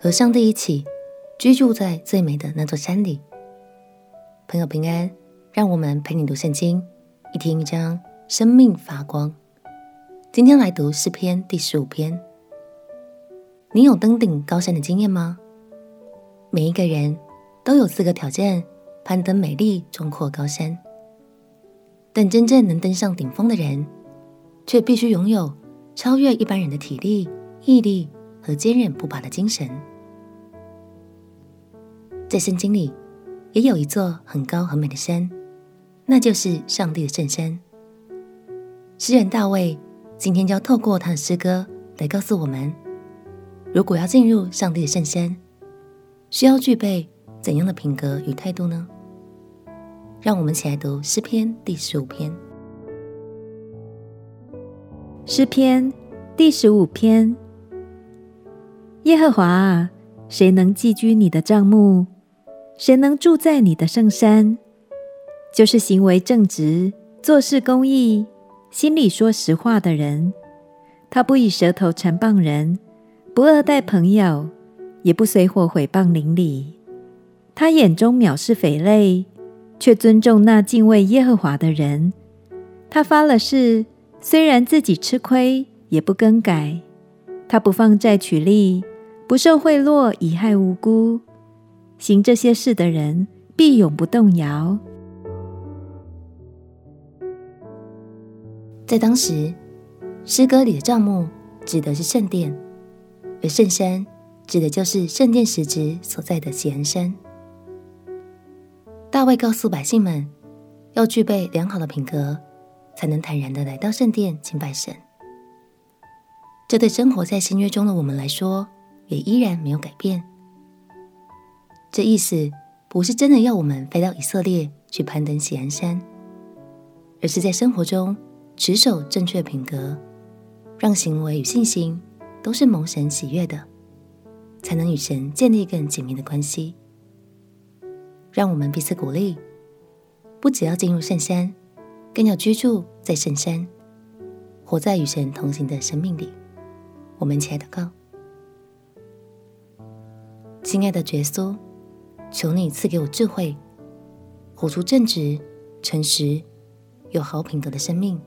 和上帝一起居住在最美的那座山裡，朋友平安。讓我們陪你讀聖經，一天一章，生命發光。今天來讀詩篇第十五篇。你有登頂高山的經驗嗎？每一個人都有資格挑戰攀登美麗壯闊高山，但真正能登上頂峰的人，卻必須擁有超越一般人的體力、毅力。和堅韌不拔的精神。在聖經裡也有一座很高很美的山，那就是上帝的聖山。詩人大衛今天就要透過他的詩歌來告訴我們，如果要進入上帝的聖山，需要具備怎樣的品格與態度呢？讓我們一起來讀詩篇第十五篇。詩篇第十五篇。耶和華，誰能寄居你的帳幕？誰能住在你的聖山？就是行為正直、做事公義、心裡說實話的人。他不以舌頭讒謗人，不惡待朋友，也不隨夥毀謗鄰里。他眼中藐視匪類，卻尊重那敬畏耶和華的人。他發了誓，雖然自己吃虧，也不更改。他不放債取利。不受賄賂以害無辜，行這些事的人必永不動搖。在當時，詩歌裡的帳幕指的是聖殿，而聖山指的就是聖殿實質所在的錫安山。大衛告訴百姓們，要具備良好的品格，才能坦然的來到聖殿敬拜神。這對生活在新約中的我們來說，也依然沒有改變。這意思不是真的要我們飛到以色列去攀登錫安山，而是在生活中持守正確的品格，讓行為與信心都是蒙神喜悅的，才能與神建立更緊密的關係。讓我們彼此鼓勵，不只要進入聖山，更要居住在聖山，活在與神同行的生命裡。我們一起來禱告。親愛的耶穌，求你賜給我智慧，活出正直、誠實、有好品格的生命。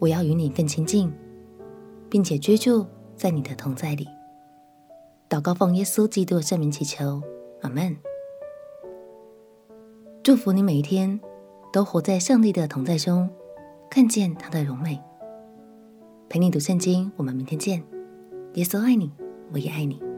我要與你更親近，並且居住在你的同在裡。禱告奉耶穌基督的聖名祈求，阿門。祝福你每一天都活在上帝的同在中，看見他的榮美。陪你讀聖經，我們明天見。耶穌愛你，我也愛你。